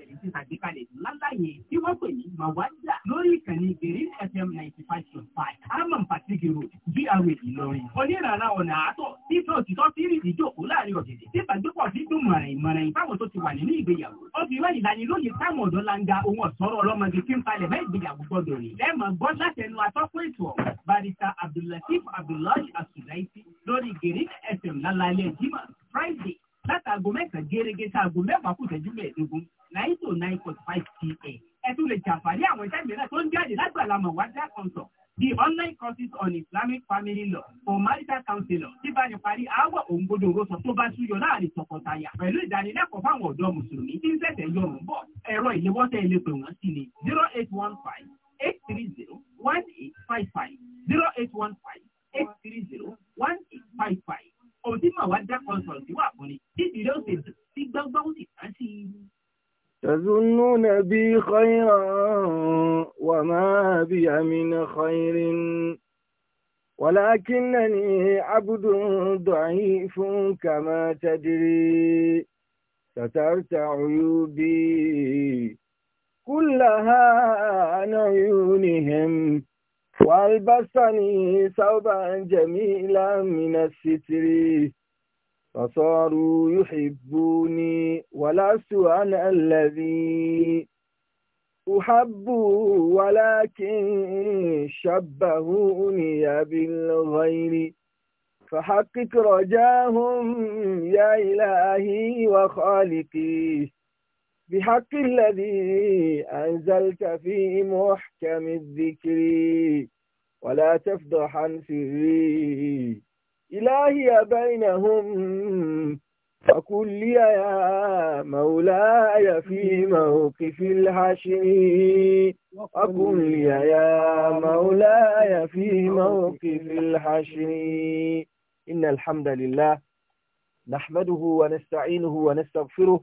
ìṣẹ̀lẹ̀ ti ṣàgbékalẹ̀ lálàyé tí wọ́n pè ní màwádà lórí ìkànnì Green FM ninety five point five Harman Patigi Road GRA Ìlọrin. onírànà ọ̀nà àtọ̀ títọ́ òtítọ́ sírì ìjókòó láàrin ọ̀gẹ̀dẹ̀ tí ìbàgbépọ̀ sí dùn mọ̀rìn mọ̀rìn fáwọn tó ti wà nínú ìgbéyàwó. ó fi wáyé ìlanilóye táwọn ọ̀dọ́ langa ohun ọ̀sọ́rọ̀ ọlọ́mọdé kí n palẹ̀ mẹ́ ìgbéyàwó gbọ́dọ̀ rè. lẹ́ẹ̀mọ̀ gbọ́ látẹnu atọ́kùn ètò ọ̀ barista Abdullateef Abdullahi Asudaisi lórí Green FM lálẹ́ jimá Friday látàgò mẹ́sàn-án gẹ́gẹ́ sáàgò mẹ́fà kù tẹ́jú mẹ́ẹ̀ẹ́dógún nine to nine forty five pm ẹ tún lè jàǹfààní àwọn iṣẹ́ mìíràn tó ń jáde lágbàlá mọ̀wádìá consult the online courses on islamic family law for marital counselor tí bá ní parí aáwọ̀ òǹgbodò rọ́sọ tó bá súyọ láàrin tọkọtaya pẹ̀lú ìdánilẹ́kọ̀ọ́ fáwọn ọ̀dọ́ mùsùlùmí tí ń ṣẹ̀ṣẹ̀ yọrùn bọ̀ ẹ̀rọ ìléwọ́tẹ̀ ilé pè sí ni zero eight one five eight three zero one eight five five zero eight one five eight three zero one eight five five onímọ̀ wá dá consult wà fún ni títí rẹ̀ ó sí gbọ́ngbọ́n ó sì ká sí i. تظنون بي خيرا وما بي من خير ولكنني عبد ضعيف كما تدري سترت عيوبي كلها عن عيونهم والبسني ثوبا جميلا من الستر فصاروا يحبوني ولست انا الذي احب ولكن شبهوني بالغير فحقق رجاهم يا الهي وخالقي بحق الذي أنزلت في محكم الذكر ولا تفضح سري إلهي بينهم فقل لي يا مولاي في موقف الحشر وقل لي يا مولاي في موقف الحشر إن الحمد لله نحمده ونستعينه ونستغفره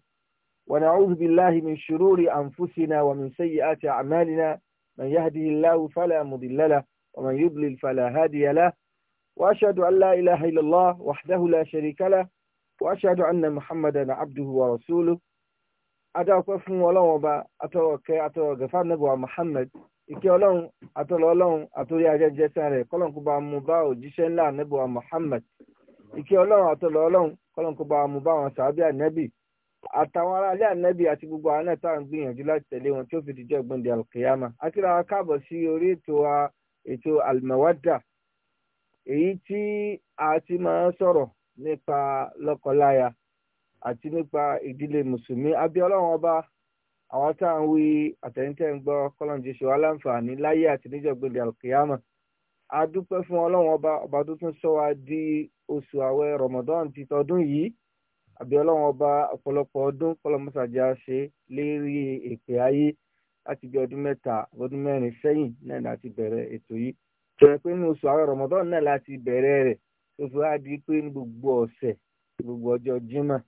ونعوذ بالله من شرور أنفسنا ومن سيئات أعمالنا من يهده الله فلا مضل له ومن يضلل فلا هادي له وأشهد أن لا إله إلا الله وحده لا شريك له وأشهد أن محمدا عبده ورسوله adáwọ̀pẹ́ fún ọlọ́run ọba atọ́rọ̀kẹ́ atọ́rọ̀gẹ̀fà nẹ́bùwà Muhammad ìkẹ́ ọlọ́run atọ́rọ̀ ọlọ́run àtòrí ajẹ́jẹsẹ́ rẹ̀ kọ́lọ́nkó bá mú bá òjíṣẹ́ ńlá nẹ́bùwà Muhammad ìkẹ́ ọlọ́run atọ́rọ̀ ọlọ́run kọ́lọ́nkó bá mú bá àwọn sàábíà nẹ́bì àtàwọn aráalé ànábì àti gbogbo àwọn náà tá à ń gbìyànjú láti tẹ̀lé wọn tí ó fi dìjọ́ ìgbọ̀ndẹ̀ alkiyama akíra wa káàbọ̀ sí orí ètò wa ètò almawadda èyí tí a ti máa ń sọ̀rọ̀ nípa lọ́kọláya àti nípa ìdílé mùsùlùmí abẹ́ ọlọ́run ọba àwọn tá à ń wí àtẹ̀yìntẹ̀ ń gbọ́ kọ́lọ́njì ṣe wá láǹfààní láyé àti níjọ́ ìgbọ̀ndẹ̀ alkiyama a dúpẹ́ fún ọlọ́run ọba ọba tó tún sọ wa di oṣù àwẹ̀ rọmọdán ti tọdún yìí àbí ọlọ́run ọba ọ̀pọ̀lọpọ̀ ọdún kọlọmọsàjà ṣe lérí èpè ayé láti bí ọdún mẹ́ta ọdún mẹ́rin sẹ́yìn náà láti bẹ̀rẹ̀ ètò yìí bẹ̀rẹ̀ pé nínú oṣù àwọn Ramadan náà láti bẹ̀rẹ̀ rẹ̀ tó fi wá di pé ní gbogbo ọ̀sẹ̀ gbogbo ọjọ́ Jímọ̀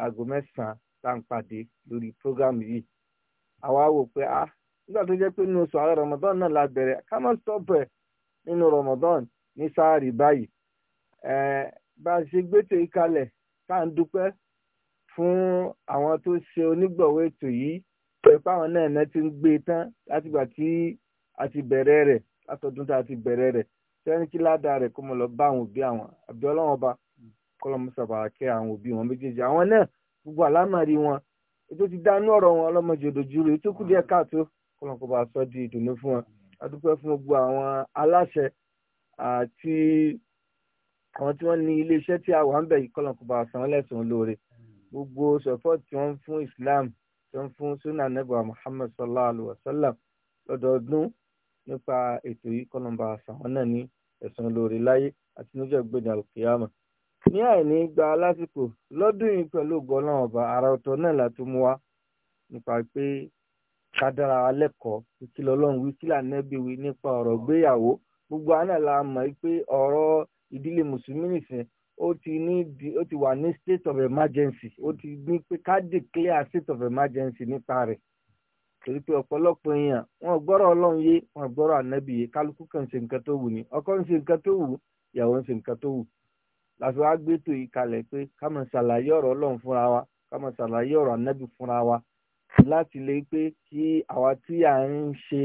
aago mẹ́sàn-án tá à ń pàdé lórí program yìí àwa wò pé a ah, nígbà tó jẹ́ pé nínú oṣù àwọn Ramadan náà la bẹ̀rẹ̀ ká má sọ̀bẹ̀ nínú Ramadan ní sáà rí báyìí bá a ṣe gbé tá à ń dúpẹ́ fún àwọn tó ṣe onígbọ̀wọ́ ètò yìí pẹ̀lú páwọn náà náà ti ń gbé e tán látìgbà tí a ti bẹ̀rẹ̀ rẹ̀ látọdún tá a ti bẹ̀rẹ̀ rẹ̀ sẹ́ni kí ládàá rẹ̀ kó mọ̀ lọ bá àwọn òbí àwọn àbí ọlọ́wọ́n ọba kọ́lọ́mùsàbà kẹ́ àwọn òbí wọn méjèèjì àwọn náà gbogbo àlámàrí wọn ètò ti dánú ọ̀rọ̀ wọn ọlọ́mọdé òdòjú tó kù díẹ̀ káàtó kọ́lọ́mùkọ́ba sọ di ìdùnnú fún wọn a fún gbogbo àwọn aláṣẹ àti àwọn tí wọ́n ní iléeṣẹ́ tí a wà ń bẹ̀ yìí kọ́lọ̀ kó bá san lẹ́sùn olóore gbogbo support tí wọ́n fún Islam tí wọ́n ń fún sunnah nebà Muhammad sallallahu alayhi wa sallam lọ́dọọdún nípa ètò yìí kọ́lọ̀ bá san wọn náà ní ẹ̀sùn olóore láyé àti níjọ́ gbẹ̀dẹ̀ alùkìyàmà ní àìní gba lásìkò lọ́dún yìí pẹ̀lú gọ́lọ́n ọba ara ọ̀tọ̀ náà láti mú wa nípa pé ká dára wa lẹ́kọ̀ọ́ kí lọ́lọ́run wí kí nípa ọ̀rọ̀ gbéyàwó gbogbo àná la mọ̀ pé ọ̀rọ̀ ìdílé mùsùlùmí nìsín ó ti ní ó ti wà ní state of emergency ó ti ní pé ká declare state of emergency nípa rẹ̀ torí pé ọ̀pọ̀lọpọ̀ èèyàn wọn gbọ́rọ̀ ọlọ́run yé wọn gbọ́rọ̀ ànábì yé kálukú kan ṣe nǹkan tó wù ní ọkọ ń ṣe nǹkan tó wù ìyàwó ń ṣe nǹkan tó wù láti wá gbé tó yìí kalẹ̀ pé ká máa ṣàlàyé ọ̀rọ̀ ọlọ́run fúnra wa ká máa ṣàlàyé ọ̀rọ̀ ànábì fúnra wa láti lè pé kí àwa tí à ń ṣe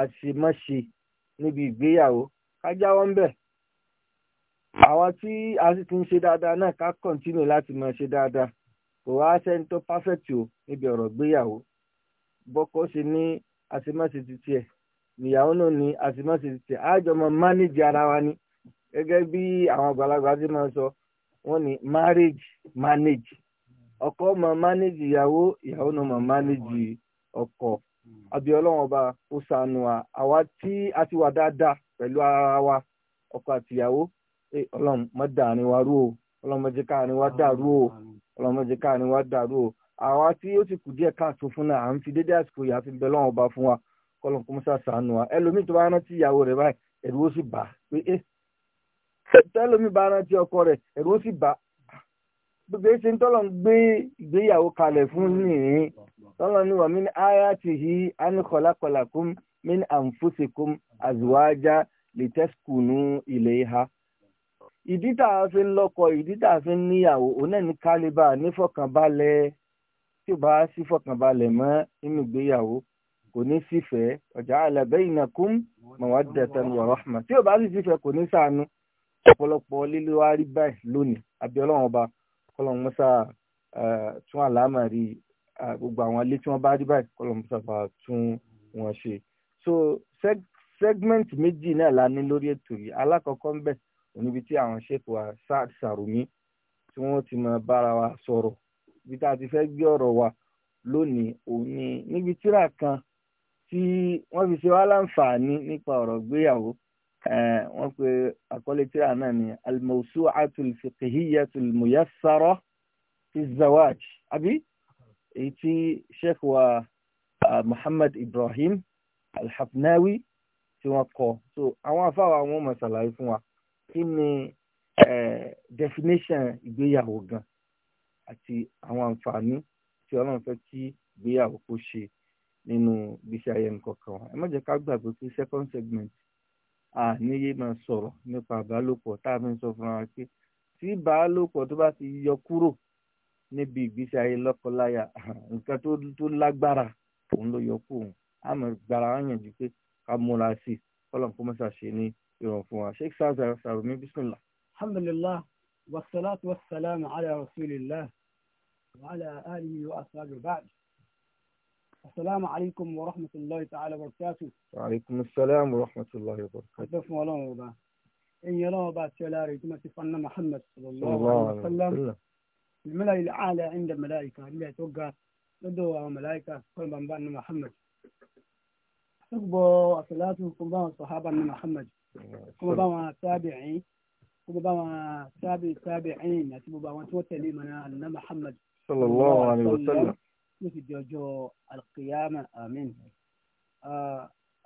àṣemáṣe níbi ìgbéyàwó ká jáwọ́ ń bẹ̀ àwọn tí a sì ti ń ṣe dáadáa náà ká kọ̀ntínú láti máa ṣe dáadáa kò wá sẹ́ni tó pàfẹ́tì o níbi ọ̀rọ̀ gbéyàwó bọ́kọ ṣe ní àṣemáṣe ti tiẹ̀ ìyàwó náà ní àṣemáṣe ti tiẹ̀ àjọ máa mánéjì ara wa ni gẹ́gẹ́ bí àwọn àgbàlagbà ti máa sọ wọ́n ní marriage manage ọkọ máa mánéjì ìyàwó ìyàwó náà máa mánéjì ọkọ àbí ọlọ́run ọba ó ṣàánú wa àwa pé ọlọ́run má dàrin wa rú o ọlọ́run má jẹ́ káàrin wa dàrú o ọlọ́run má jẹ́ káàrin wa dàrú o àwa tí ó ti kù díẹ̀ káàtó fún náà à ń fi dédé àsìkò yìí àfi bẹ lọ́wọ́ ọba fún wa kọ́lọ́n kó mọ́sá sànù wa ẹlòmíì tó bá rántí ìyàwó rẹ̀ báyìí ẹ̀rù ó sì bà á pé ẹ́ eh. tẹ́lómi bá rántí ọkọ rẹ̀ ẹ̀rù ó sì bà á gbogbo ẹ̀ ń tọ́lọ̀ ń gbé ìgbéyàwó kalẹ̀ fún nìyín tọ́lọ̀ ní wàmí ní ayatihi an khalaqalakum min anfusikum azwaja litaskunu ìdí tá a fi ń lọ́kọ ìdí tá a fi ń níyàwó òun náà ní kálíbà nífọ̀kànbalẹ̀ tí ò bá sí fọ̀kànbalẹ̀ mọ́ inú ìgbéyàwó kò ní sífẹ̀ẹ́ ọ̀jà àlàbẹ́ ìnàkún mawaddatan wa rahma tí ò bá sì sífẹ̀ẹ́ kò ní sànú ọ̀pọ̀lọpọ̀ lílo wárí báyìí lónìí àbí ọlọ́run ọba kọlọ́run mọ́sá tún àlámà rí gbogbo àwọn ilé tí wọ́n bá rí báyìí kọlọ́run mọ́sá bá tún wọn ṣe so segment méjì náà la ní lórí ètò yìí alákọ̀ọ́kọ́ ń bẹ̀ oníbi tí àwọn ṣèkù wa Saad Sarumi tí wọ́n ti máa bára wa sọ̀rọ̀ ibi tá a ti fẹ́ gbé ọ̀rọ̀ wa lónìí òní níbi tíra kan tí wọ́n fi ṣe wá láǹfààní nípa ọ̀rọ̀ gbéyàwó wọ́n pe àkọlé tíra náà ní al-mawsu'atul fiqhiyyatul muyassara fi zawaj àbí èyí tí sheikh wa Muhammad Ibrahim al tí wọ́n kọ so àwọn afáwa wọn mọ̀ ṣàlàyé fún wa kí ni definition ìgbéyàwó gan àti àwọn àǹfààní tí ọlọ́run fẹ́ kí ìgbéyàwó kó ṣe nínú gbèsè ayé nǹkankan wa ẹ má jẹ́ ká gbàgbé pé second segment àníyé máa sọ̀rọ̀ nípa ìbálòpọ̀ tá a fi ń sọ fún wa pé tí ìbálòpọ̀ tó bá ti yọ kúrò níbi ìgbésí ayé lọ́kọláya nǹkan tó lágbára òun ló yọ kúrò àmọ́ gbàrà wọn yànjú pé ká múra sí i kọ́lọ̀ kó mọ́sà ní بسم الله الحمد لله والصلاة والسلام على رسول الله وعلى آله وأصحابه بعد السلام عليكم ورحمة الله تعالى وبركاته وعليكم السلام ورحمة الله وبركاته أتف ولون وبا إن يرى بعد شلاري كما تفنى محمد صلى الله, عليه وسلم الملأ الأعلى عند الملائكة اللي توقع ندوا ملائكة كل من بعد محمد حبوا صلاته كل من صحابة محمد kó bá wọn tabi'in kó bá wọn tabi tabi'in àti gbogbo àwọn tí wọ́n tẹ̀lé ìmọ̀nà àná Muhammad sallallahu alaihi wasallam ló ti di ọjọ́ alqiyama amin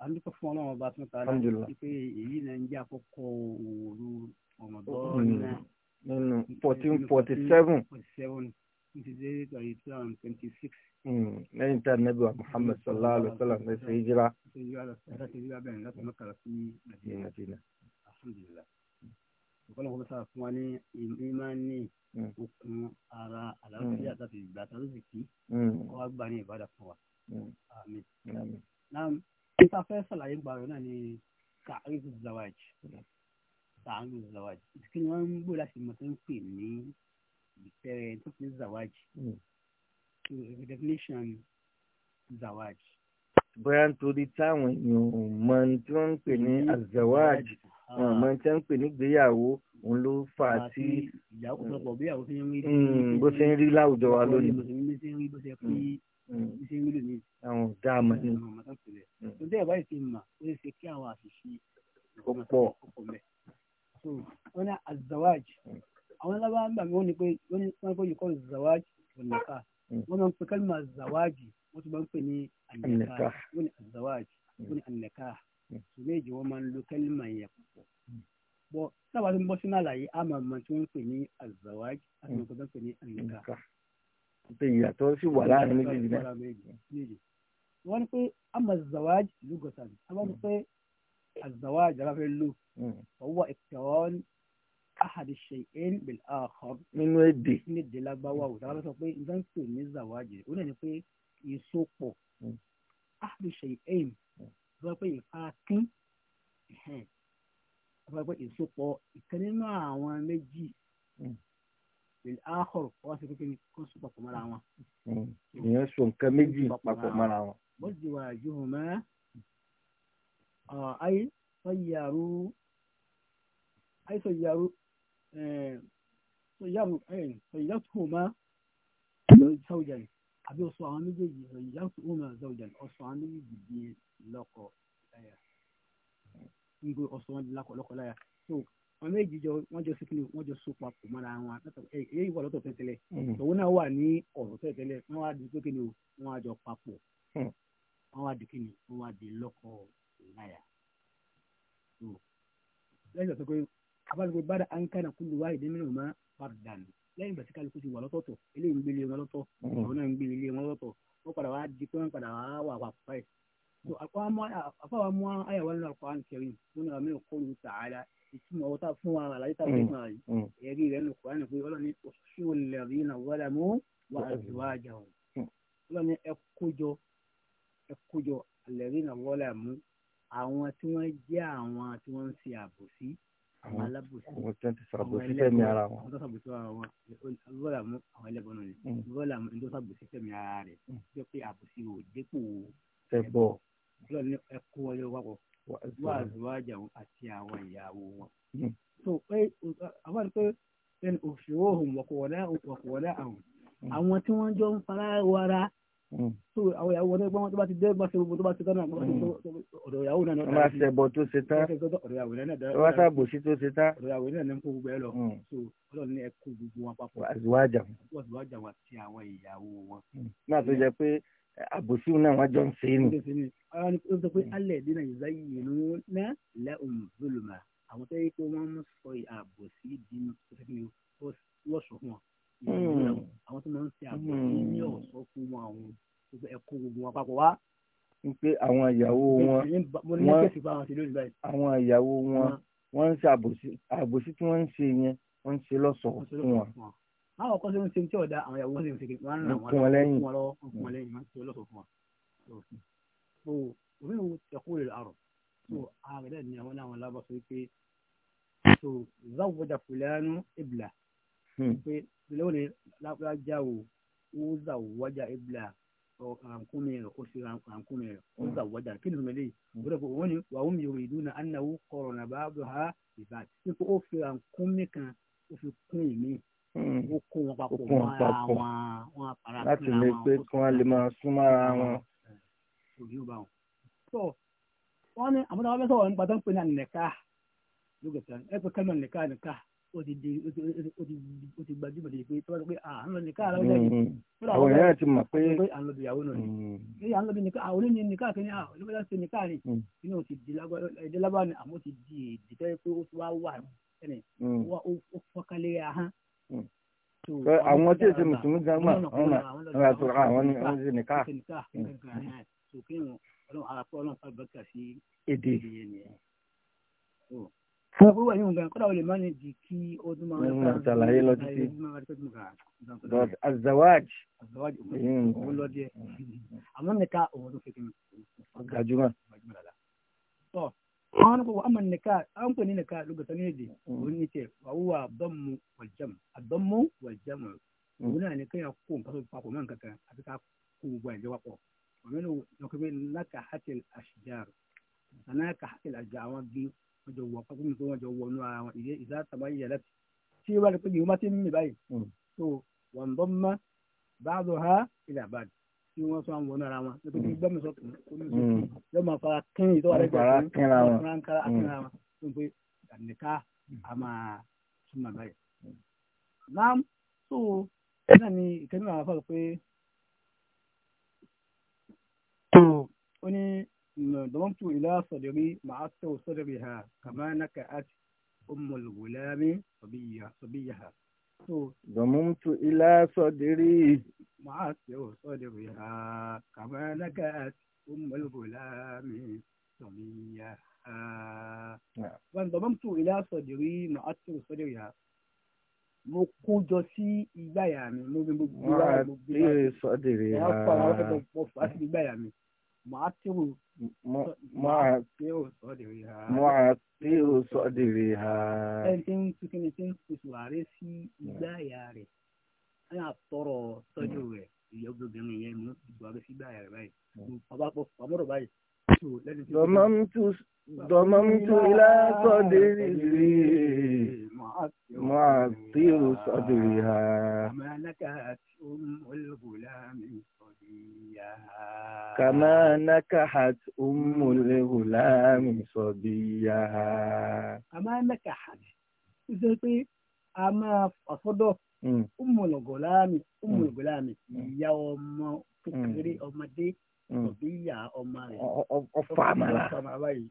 àdúgbò fún ọlọ́run ọba tó ta ní pé èyí náà ń jẹ́ àkọ́kọ́ òru ọmọdé mm. náà nínú fourteen forty seven Hmm. lẹ́yìn tí anabi wa muhammed sallallahu alayhi wa sallam ṣe ṣe hijira. ọ̀pọ̀lọpọ̀ bá sáà fún wa ní ìmánì okun ara àlàáfíà láti ìgbà tó sì kí kó wá gbà ní ìbádà fún wa. àmín. naam hmm. nípa fẹ́ sàlàyé gbà rẹ̀ náà ni ta'arif zawaj hmm. ta'arif zawaj kí ni wọ́n ń gbọ́ láti ń pè ní tó fi ní zawaj hmm. definition zawaj. bóyá nítorí táwọn èèyàn mọ tí wọ́n ń pè ní azawaj ah. wọn mọ tí wọ́n ń pè ní ìgbéyàwó òun ló fà á sí. ìyàwó pọ̀pọ̀ bí ìyàwó fi ń rí. Hmm, bó ṣe ń rí láwùjọ wa lónìí. bó ṣe ń rí bó ṣe ń rí bó ṣe ń hmm. rí lónìí. àwọn ọ̀dà ni. ọ̀dà àmọ́ ni. ọ̀dà àmọ́ ni. kálímà zawaji wọ́n tún bá ń pè ní ànẹ́ká wọ́n ní zawaji wọ́n ní ànẹ́ká sùn méjì wọ́n máa ń lo kálímà yẹn pọ̀ bọ́ sábà tó ń bọ́ sínú àlàyé àmọ́ àmọ́ tí wọ́n ń pè ní zawaji àti wọ́n tó ń pè ní ànẹ́ká. ìyàtọ̀ sì wà láàrin méjèèjì náà. wọ́n ní zawaji lùgọ̀tàn àmọ́ pé zawaji aláfẹ́ ahadi shay'in bil akhar. nínú èdè. nínú èdè lágbáwá o tàbá sọ pé nǹkan pè ní zawaji ó náà ni pé ìsopọ̀ ahadi shay'in sọ pé ìfarakín sọ pé ìsopọ̀ ìkan nínú àwọn méjì bil akhar wọ́n ti kékeré kó sopọ̀ pọ̀ mọ́ra wọn. ìyẹn so nǹkan méjì papọ̀ mọ́ra wọn. wọ́n ti wà ju hùn ayé sọ yàrá ayé sọ yàrá. ìyàtúmọ̀ zọ́ọ̀jẹ̀ àbí oṣù àwọn méjèèjì ìyàtúmọ̀ zọ́ọ̀jẹ̀ oṣù àwọn méjèèjì di lọ́kọ láya ń gbé oṣù wọn di lọ́kọ láya so wọn méjì jọ wọn jọ síkìlì wọn jọ so papọ̀ mọ́ra wọn èyí wà lọ́tọ̀ tẹ́tẹ́lẹ̀ òun di di abájọ bára ankara kúlù wáyé dẹ́mínà ọ̀ma fardan lẹ́yìn ìgbà tí kálukú ti wà lọ́tọ̀ọ̀tọ̀ eléyìí ń gbélé wọn lọ́tọ̀ mm-hmm. àwọn náà ń gbélé ilé wọn lọ́tọ̀ wọ́n padà wá di pé wọ́n padà wá wà wà fà ẹ̀. so àfọwọ́ mú àyà wà nínú Al-Qur'an Karim fún àwọn mẹ́rin kọ́ ló tà á la ìtumọ̀ ọ̀tá fún wa àlàyé tá a fún wa yìí mm-hmm. Mm-hmm. ẹ̀rí rẹ̀ nù kọ́ra nìkan ọlọ́run ní oṣù lẹ́rìnà wọ́lá mú wà àwọn tí wọ́n jẹ́ àwọn tí wọ́n ń ṣe àbòsí àwọn alábòsí àwọn twenty sàbòsí fẹ̀mí ara wọn. àwọn tó sàbòsí ara wọn bọ́lá mú àwọn ẹlẹ́bọn náà ni hmm. bọ́lá mú ẹni tó sàbòsí fẹ̀mí ara rẹ̀ hmm. jẹ́ pé àbòsí ò dépò ẹbọ lọ ní ẹkú ọyọ wapọ̀ wá àzúwájà àti àwọn ìyàwó wọn. Hmm. so àwọn àti pé ẹni òfìwò òhùn wọ̀kọ̀wọ̀lá àwọn tí wọ́n jọ ń fara wara. Hmm. so àwọn ìyàwó wọn tó bá ti dé bá ṣe gbogbo tó bá ṣe tán náà ọ̀dọ̀ ìyàwó náà náà. wọ́n máa ṣẹbọ tó ṣe tán wọ́n wá ṣàbòsí tó ṣe tán. ọ̀dọ̀ ìyàwó náà ní kó gbogbo ẹ lọ tó jẹ pé eh, àbòsí náà wọn jọ ń ṣe é nù. àwọn ni ó sọ pé hmm. alẹ́ dínà ìzáyìnlá lẹ́ àwọn tẹ́lẹ̀ pé wọ́n mú sọ àbòsí dínà tó fẹ́ kí wọ́n sọ fún wọn Hmm. àwọn tó máa ń ṣe àgbẹ̀ ní hmm. ọ̀sán fún wọn àwọn ẹ̀kọ́ gbogbo wọn papọ̀ wá. pé àwọn ìyàwó wọn àwọn ìyàwó wọn wọ́n ń ṣe àbòsí tí wọ́n ń ṣe yẹn wọ́n ń ṣe lọ́sọ̀ọ́ fún wọn. báwo kọ́ sí ń ṣe tí ọ̀dà àwọn ìyàwó wọn sì ń ṣe wọn ń ràn wọn lọ́wọ́ wọn lọ́wọ́ fún wọn hmm. lẹ́yìn wọn ṣe lọ́sọ̀ọ́ fún wọn. so òmí wo ẹ̀kọ́ rẹ̀ àrọ̀ so àgbẹ̀dẹ̀ ni àwọn náà wọn lábọ̀ sọ pé so zawwaja fulanu ibla Hmm. pé lọ́wọ́ ni lápẹ́lájà o ó zà wájà ebla rankumi rẹ̀ ó sì rankumi rẹ̀ ó zà wájà kí ni mo lè wọ́n dẹ̀ wọ́n ni wàhùn yorùbá ìlú náà anáwó kọ̀rọ̀ nà bá bọ̀ ha ìbá tí ó fi rankumi kan ó fi kún ìmí hmm. ó kó wọn papọ̀ wọn ara wọn para láti lè pé kí wọ́n lè máa súnmọ́ ara wọn. tó wọ́n ní àmọ́ táwọn fẹ́ sọ̀rọ̀ nípa tó ń pè ní ànìkà lókè tán ẹ pé kẹ́lọ́ nìkà nìkà ó ti di ó ti ó ti ó ti gbajúmọ̀ lè pé tó bá sọ pé à ń lọ nìkan àlọ́ lẹ́yìn àwọn èèyàn ti mọ̀ pé à ń lọ bí ìyàwó náà ni èyí hmm. à ń lọ bí nìkan àwọn oníyẹn nìkan àkẹ́yìn à olóbẹ́lá ṣe nìkan ni hmm. inú ti di lágbára ni àmọ́ ti di èdè tó yẹ pé ó ti wá wà ẹni hmm. wá ó fọ́kálẹ̀ ahán. àwọn tí èsì mùsùlùmí gan mọ̀ ọ̀nà àwọn àwọn ní wọ́n ṣe nìkan. èdè fún ọgbọ́n yóò gan kọ́dà olè máa ní di kí ó tún máa ń hmm, ṣàlàyé lọ títí but azawaj òun lọ díẹ̀ hmm. àmọ́ nìka òun tó kékeré gajúmọ̀. tọ́ àwọn ọ̀nà gbogbo àmọ́ nìka àwọn pè ní nìka lóògbèsọ ní èdè hmm. òun ní tiẹ̀ wàhùwà àdọ́mù wàjẹ́mù àdọ́mù wàjẹ́mù òun náà ní kéèyàn kó nǹkan tó papọ̀ mọ́ nǹkan kan àti ká kó gbogbo àìjẹ́ wapọ̀ òun náà ní ọkọ̀ pé náà kà hàtìl àṣìjáàrò náà kà hàtìl àṣìjáàrò àwọn bíi wọ́n jọ wọ̀ fún mi pé wọ́n jọ wọ̀ nú ara wọn ìdí ìdá àtàwọn ayẹyẹ rẹ tí wọ́n rí pé yìí wọ́n ti ń mì báyìí tó hmm. wọ́n bọ́ mọ́ báàdù ha ilẹ̀ àbáàdì tí wọ́n sọ àwọn ara wọn pé kí gbọ́mí sọ kìnnì kó ní sọ hmm. yóò máa fara kín ìtọ́wà rẹ̀ gbà kín ránkárá akínra wọn tó ń pè àdìníká a máa túmọ̀ báyìí. náà tó eh. náà ni ìkẹ́ni àwọn afọ́ pé hmm. ó ní. نظمت إلى صدري معدت صدرها كما نكأت أم الغلام صبية صبيها ضممت إلى صدري معدت صدرها كما نكأت أم الغلام صبيها وانضممت إلى صدري معدت صدرها mo kó jọ sí ìgbàyà mi mo bí mo gbé ìgbàyà mi mo fà á sí ìgbàyà mi mọ̀átìrù sọ́dìrì ha. ẹni tí ń tukẹ́ ni tí ń tutù ààrẹ sí igbá ìyá rẹ̀ ẹ yà tọrọ tọ́jú rẹ̀ ìyá obìnrin yẹn ló tutù ààrẹ sí igbá ìyá rẹ̀ báyìí. bàbá pọ̀ bàbá rọ̀ báyìí. ضممت إلى صدري معطر صدرها ملكت أم الغلام كما نكحت أم الغلام صبيها كما نكحت زي أما أصدق أم الغلام أم الغلام يوم فكري أم دي صبية أم أفعملا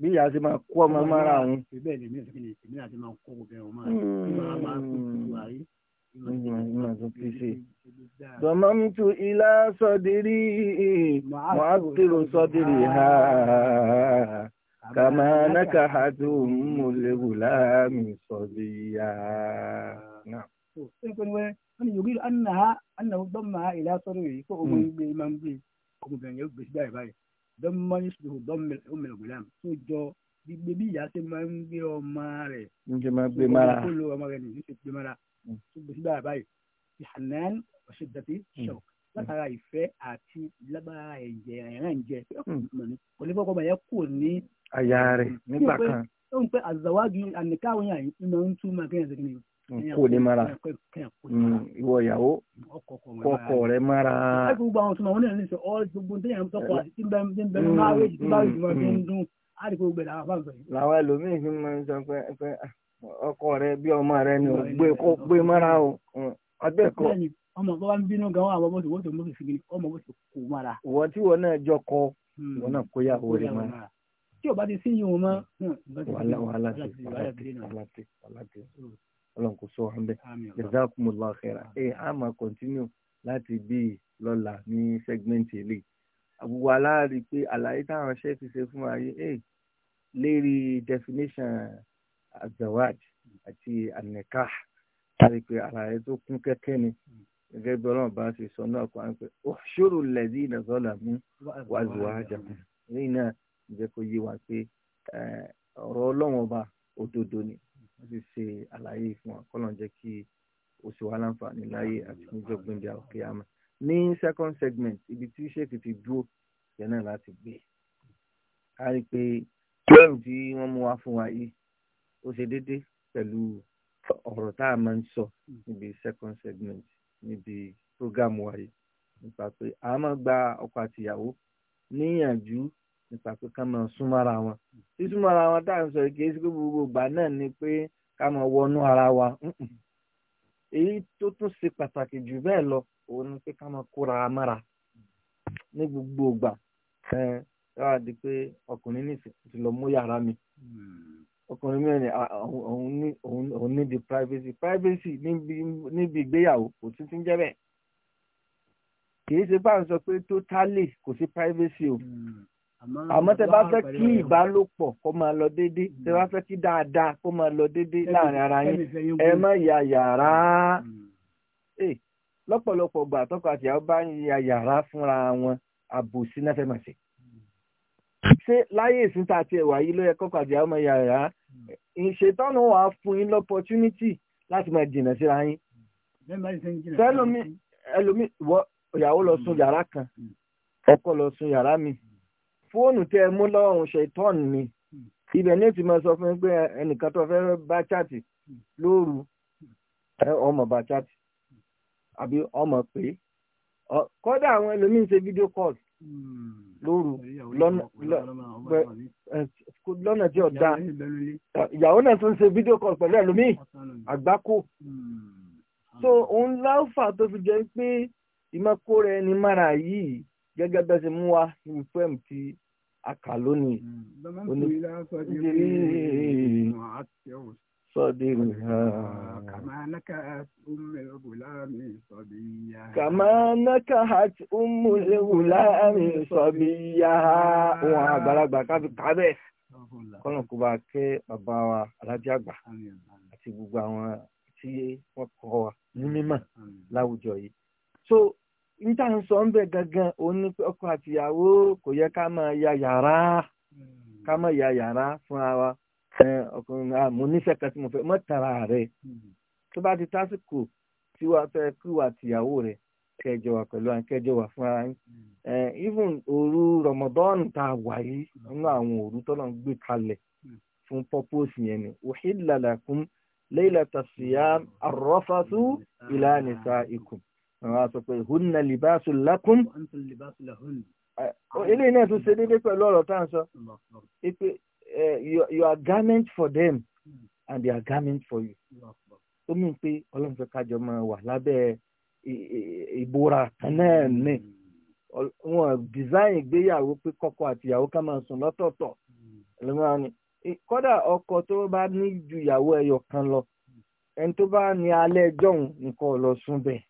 bí ìyá ṣe máa kó ọmọ mọ́ra òun. bẹ́ẹ̀ ni èmi àti máa kó obìnrin ọmọ rẹ̀ máa máa kó ìwà rí. ìmọ̀ tó fi ṣe. ضممت إلى صدري معطر صدرها كما نكحت أم الغلام صبيا نعم wọ́n yòókì anaha anahu dọ́mà ìlà sọ́rọ̀ yìí kó ọmọ ìgbé máa ń gbé ọmọbìnrin yóò gbèsè báyìí báyìí dọ́mà yóò sọ̀rọ̀ dọ́mà ọmọ ìgbéyàwó tó jọ gbígbé bí ìyá ṣe máa ń gbé ọmọ rẹ̀ ń jẹ́ máa gbé mara kó lo ọmọ rẹ̀ nìyí ṣe gbé mara tó gbèsè báyìí báyìí hanan ọ̀ṣẹ́dàtì ṣọ̀k látara ìfẹ́ àti lágbára ẹ̀jẹ̀ ìrànjẹ kò ní fọ́kọ́ bàyẹ̀ kò ní. àyà rẹ̀ nígbà kan. ó ń pẹ́ àzàwájú àníkàwọn yàrá yìí máa ń túmọ̀ kéèyàn sí kìnìún kò ní mara ìwọ ìyàwó kọkọ rẹ mara. ẹ gbogbo àwọn tó wọn náà ní sọ ọ gbogbo tó yàn àti tí ń bẹ márùn tí bá yìí máa fi ń dún á rí gbogbo ẹ̀dá àbá bẹ̀rẹ̀. làwọn ẹlòmíín fi máa ń sọ pé ọkọ rẹ bí ọmọ rẹ ni ò gbé kó gbé mara o abẹ́ẹ̀kọ́ ọmọ bá ń bínú gan àwọn bọ́sù wọ́n tó mọ́sù fi gini ọmọ bọ́sù kò mara. ìwọ tí wọn náà jọ kọ hmm. wọn náà kó yà wọlé mọ. tí o bá ti síyìn wọn hmm. hmm, mọ. wàhálà wàhálà ti wàhálà ti wàhálà ti Ọlọ́run kò sọ wọn bẹ jazakumullahu khaira ẹ a máa kọntínú láti bí lọ́la ní sẹgmẹǹtì ilé àbúrò aláàrí pé àlàyé táwọn ṣe ti ṣe fún ayé ẹ lérí definition azawaj àti anikah láti pé ara rẹ tó kún kẹ́kẹ́ ni gẹ́gẹ́ bí ọlọ́run bá ṣe sọ náà kwan pé ó ṣòro lẹ́dí ìdásọ́là mú wájú wájà lẹ́yìn náà jẹ́ kó yé wa pé eh, ọ̀rọ̀ ọlọ́run ọba òdodo ni wọ́n sì ṣe àlàyé fún wa kọ́lọ́n jẹ́ kí o sì wá láǹfààní láyé àti níjọ́ gbẹ̀ndẹ̀ àwòké àmọ́ ní second segment ibi tí ṣèkì ti dúró yẹn náà láti gbé a rí i pé lẹ́yìn tí wọ́n mú wa fún wa yìí ó ṣe déédéé pẹ̀lú ọ̀rọ̀ tá a máa ń sọ hmm. níbi second segment níbi program wa yìí nípa pé a máa gba ọkọ àtìyàwó níyànjú nípa pé ká máa súnmọ́ ara wọn sísúnmọ́ ara wọn tá à ń sọ kì í sí pé gbogbo ìgbà náà ni pé ká máa wọnú ara wa èyí tó tún ṣe pàtàkì jù bẹ́ẹ̀ lọ òun ni pé ká máa kóra mára ní gbogbo ìgbà ẹ ẹ wá di pé ọkùnrin nìsín ti lọ mú yàrá mi hmm ọkùnrin mẹ́rin òun níbi privacy privacy níbi ìgbéyàwó kò tún ti ń jẹ́ bẹ́ẹ̀ kìí ṣe bá ń sọ pé totally kò sí privacy o àmọ́ tẹ bá fẹ́ kí ìbálòpọ̀ kó máa lọ déédéé tẹ bá fẹ́ kí dáadáa kó máa lọ déédéé láàrin ara yín ẹ má ya yàrá hmm. eh, lọ́pọ̀lọpọ̀ gbà tọkọ àtìyàwó bá ń ya yàrá fúnra wọn àbòsí náà fẹ́ máa ṣe hmm. ṣé láyé ìsúntà àti ẹ̀wà yìí ló yẹ kọ́kọ́ àti àwọn ọmọ yàrá ìṣètọ́nù wàá fún yín lọ́pọ̀tunítì láti máa jìnnà síra yín. fẹ́lómi ẹlòmí wọ ìyàwó lọ sùn mm. yàrá kan mm. ọkọ lọ sùn yàrá mi mm. fóònù tẹ ẹ mú lọ́rùn ṣètọ́nù ni ibẹ̀ ní ètò máa sọ fún mi pé ẹnìkan tó fẹ́ bá chaàtì lóru ọmọ bá chaàtì àbí ọmọ pé kọ́dà àwọn ẹlòmíín ṣe fídíò kọ́ọ̀lù lóru lọ́nà kò lọ́nà tí ọ̀dà ìyàwó náà tún ṣe fídíò kọ́ọ̀lù pẹ̀lú ẹlòmíì àgbákò hmm. so òun láǹfà tó fi jẹ́ pé ìmọ̀kó rẹ̀ ni mára yìí gẹ́gẹ́ bẹ́ẹ̀ ṣe mú wa níbi fẹ́ẹ̀mù ti àkà lónìí sọ́dìrì kàmánàkà àti umùlẹ̀wùlámi sọ̀bìyà ohun àgbàlagbà kábẹ̀ kọ́nà kó bá kẹ́ bàbá wa alájà àgbà àti gbogbo àwọn tí wọ́n kọ́ wa ní mímọ̀ láwùjọ yìí. so níta ń sọ ń bẹ gangan òun ọkọ àtìyàwó kò yẹ ká máa ya yàrá hmm. ká máa ya yàrá fúnra wa ọkùnrin náà mo nífẹ̀ẹ́ kan tí mo fẹ́ mọ́ tara rẹ̀ hmm. tó bá ti tásìkò tí wàá fẹ́ kí wàá tìyàwó kẹjọ wà pẹ̀lú àwọn kẹjọ wà fúnra even òru rọmọdọ́ọ̀nù tá a wà yìí nínú àwọn òru tọ́lọ́ ń gbé kalẹ̀ hmm. fún pọ́pọ́sì yẹn ni uhilla lakum laylata siyam arrafathu ila nisaikum àwọn aṣọ pé hunna libasul lakum eléyìí náà tún ṣe déédéé pẹ̀lú ọ̀rọ̀ tá à ń sọ pé you are garment for them hmm. and they garment for you ó mú pé ọlọ́run fẹ́ kájọ máa wà lábẹ́ ìbora kan náà ní. wọn design ìgbéyàwó pé kọ́kọ́ àti ìyàwó ká máa sùn lọ́tọ̀ọ̀tọ̀ hmm. kódà ọkọ tó bá ní ju ìyàwó ẹyọ kan lọ hmm. ẹni tó bá ní alẹ́ ẹjọ́ òun nìkan lọ sùn bẹ́ẹ̀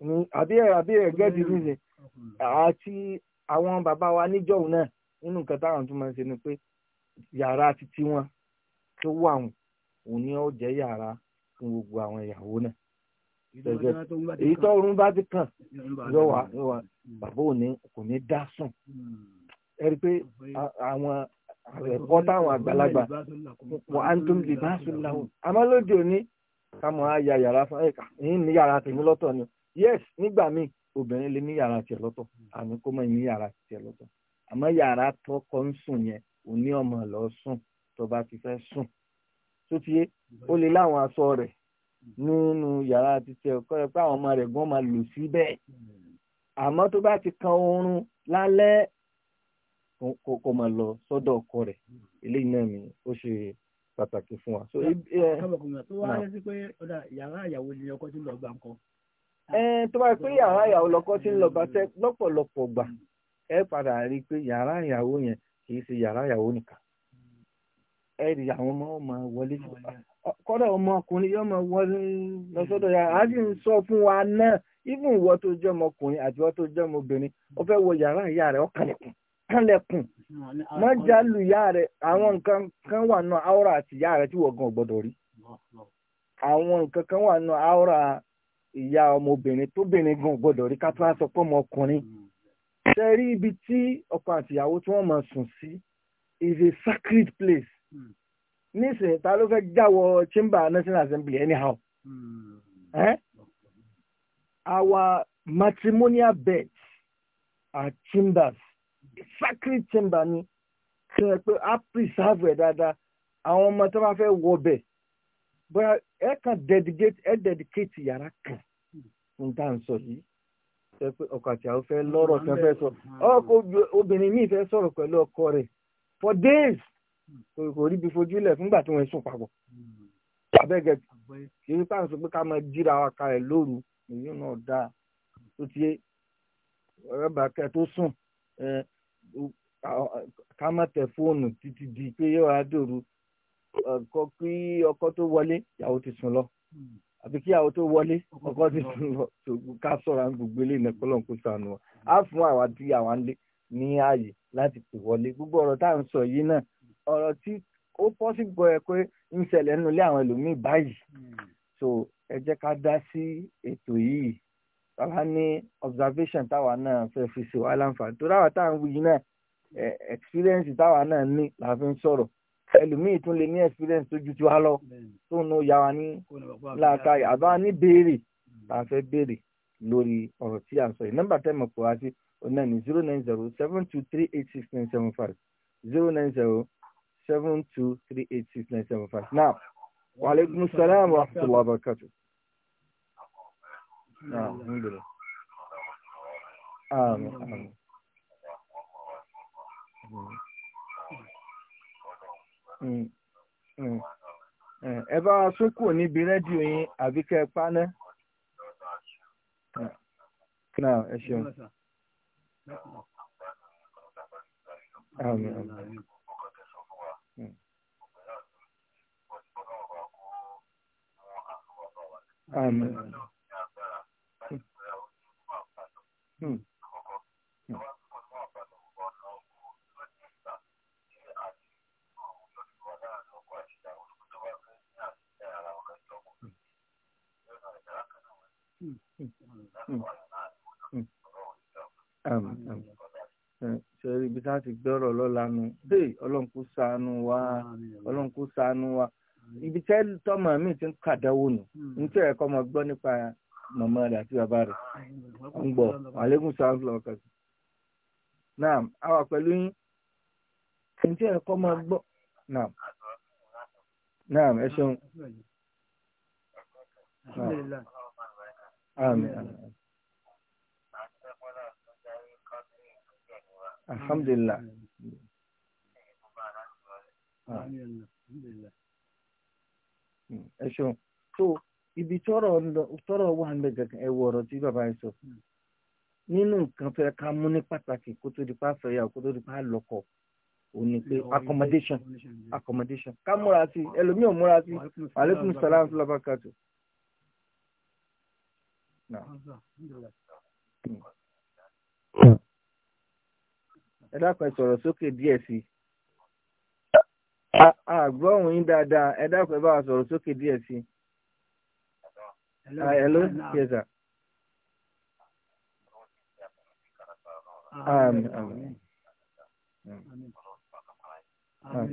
hmm. àbí àbí ẹgbẹ́ ti rí ni àti àwọn bàbá wa níjọ́ òun náà nínú nǹkan táwọn tó máa ń ṣe ni pé yàrá titi wọn tó wà òun òun ni ó jẹ́ yàrá fún gbogbo àwọn ìyàwó náà èyí tó ọrùn bá ti kàn yóò wá yóò wá hmm. bàbá òní kò ní dá sùn hmm. ẹ rí i pé àwọn ẹ̀kọ́ táwọn àgbàlagbà wọ́n á ń tún lè bá sùn láwọn àmọ́ lóde òní káwọn á yàrá fún ẹ̀ka èyí ní yàrá tèmi lọ́tọ̀ ni yes nígbà míì obìnrin lè ní yàrá tiẹ̀ lọ́tọ̀ àmì kó mọ̀ ní yàrá tiẹ̀ lọ́tọ̀ àmọ́ yàrá tọkọ ń sùn yẹn òní ọmọ lọ sùn tó bá ti fẹ́ sùn tó ti yé ó lè láwọn aṣọ rẹ̀ nínú yàrá títí ọkọ rẹ pé àwọn ọmọ rẹ gan máa lò síbẹ̀ àmọ́ tó bá ti kan oorun lálẹ́ kò máa lọ sọ́dọ̀ ọkọ rẹ̀ eléyìí náà ni ó ṣe pàtàkì fún wa. kábàkùnrin tó wá lẹ́sí pé yàrá ìyàwó ni ọkọ ti ń lọ bá ń kọ. tó bá pé yàrá ìyàwó lọkọ ti ń lọ bá tẹ lọ́pọ̀lọpọ̀ gbà ẹ padà rí i pé yàrá ìyàwó yẹn kì í ṣe yàrá ìyàwó nìkan ẹ rí àwọn ọmọ máa wọlé kọ́dọ̀ ọmọkùnrin yóò mọ wọ́n lọ́sọ́dọ̀ hmm. yàrá á sì ń sọ fún wa náà even ìwọ tó jẹ́ ọmọkùnrin àti ìwọ tó wọ yàrá ìyá rẹ̀ ọ̀kànlẹ̀kùn má já lu ìyá rẹ̀ àwọn nǹkan kan wà náà áwòrà àti ìyá rẹ̀ tí wọ́n gan gbọ́dọ̀ rí àwọn nǹkan kan wà náà ìyá ọmọbìnrin tóbìnrin gan rí ibi tí ọkọ àtìyàwó tí wọ́n máa sùn sí is a sacred place. Hmm. nísìnyí ta ló fẹ́ jáwọ́ chamber national assembly anyhow hmm. eh? our matrimonial beds are chambers sacred chamber ni kí ẹ pé a preserve ẹ dáadáa àwọn ọmọ dedicate ẹ kan fún yìí pé ọkọ àti àwọn sọ for days. kò rí ibi fojú lẹ̀ fúngbà tí wọ́n sùn papọ̀ hmm. abẹ́gẹ́ kì í sáà sọ pé ká máa jíra wa kalẹ̀ lóru èyí náà dáa tó ti ọ̀rẹ́ bàkẹ́ tó sùn ká má tẹ fóònù títí di pé yóò wá dòru ọkọ kí ọkọ tó wọlé ìyàwó ti sùn lọ hmm. àbí kí ìyàwó tó wọlé ọkọ ti sùn lọ ká sọ̀rọ̀ gbogbo ilé ìnẹ́kọ́lọ́ kó sànù wa á hmm. fún àwa tí àwa ń lé ní ààyè láti pè wọlé gbogbo ọ̀rọ̀ tá à ń sọ yìí náà ọ̀rọ̀ tí ó pọ́sibú kọ́ ẹ pé ń ṣẹlẹ̀ nínú ilé àwọn ẹlòmíì báyìí hmm. so ẹ jẹ́ ká dá sí ètò yìí bàbá ní observation táwa náà fẹ́ fi ṣe wá láǹfààní tó dáwà táwọn wuyì náà experience táwa náà ní la fi ń sọ̀rọ̀ ẹlòmíì tún lè ní experience tó ju tiwa lọ tó ń ya wa ní làákàyè àbá ní béèrè tá hmm. a fẹ́ béèrè lórí ọ̀rọ̀ tí a sọ yìí nọ́mbà tẹ́ mọ̀ pé wá sí onáà ní zero nine zero seven two three eight six nine seven five zero nine zero seven two three eight six nine seven five now waaleykum salaam wa rahmatulah wa barakatu. Um, um, um, ẹ bá wa sún kúrò níbi rédíò yín àbí kẹ́ ẹ paná. náà ẹ ṣeun. Amen. Amen. àmì. ṣe ibi tá a ti gbọ́rọ̀ lọ́la nu ọlọ́run kó ṣàánú wa ọlọ́run kó ṣàánú wa ibi tẹ́ tọ́mọ mi ti ń kàdánwò nù hmm. nítorí ẹ̀kọ́ ọmọ gbọ́ nípa màmá rẹ̀ àti bàbá rẹ̀ ń gbọ́ àlékún sound law kẹsì náà àwa pẹ̀lú yín nítorí ẹ̀kọ́ ọmọ gbọ́ náà náà ẹ ṣeun. Àmín. Alhamdulillah. Alhamdulillah. Ah. ẹ ṣeun so ibi chọrọ tọrọ wà ụwa bẹ gẹ́gẹ́ ẹ ọrụ ọ̀rọ̀ tí bàbá yẹn sọ nínú nǹkan tó yẹ ká mú ní pàtàkì kó tó di accommodation accommodation ká múra sí ẹlòmíì ò múra sí wa barakatu. ẹ dákun ẹ sọ̀rọ̀ sókè díẹ̀ àgbọ̀hùn yín dáadáa ẹ dákun ẹ bá wa sọ̀rọ̀ sókè díẹ̀ sí i. hello yes sir. Àmín àmín. Àmín. Àmín. Àmín.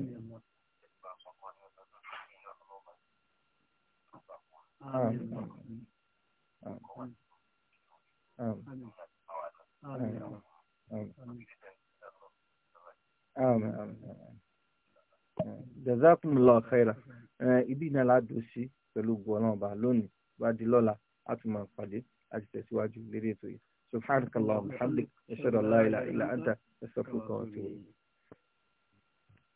Àmín. Àmín. Àmín. Àmín jazakumullahu khairan ibi náà ládùn sí pẹ̀lú gbọ́nàba lónìí bá di lọ́la a tún máa pàdé àti tẹ̀síwájú lérí ètò yìí subhanakallahumma hamdik ashhadu an la ilaha illa anta astaghfiruka wa atubu ilayk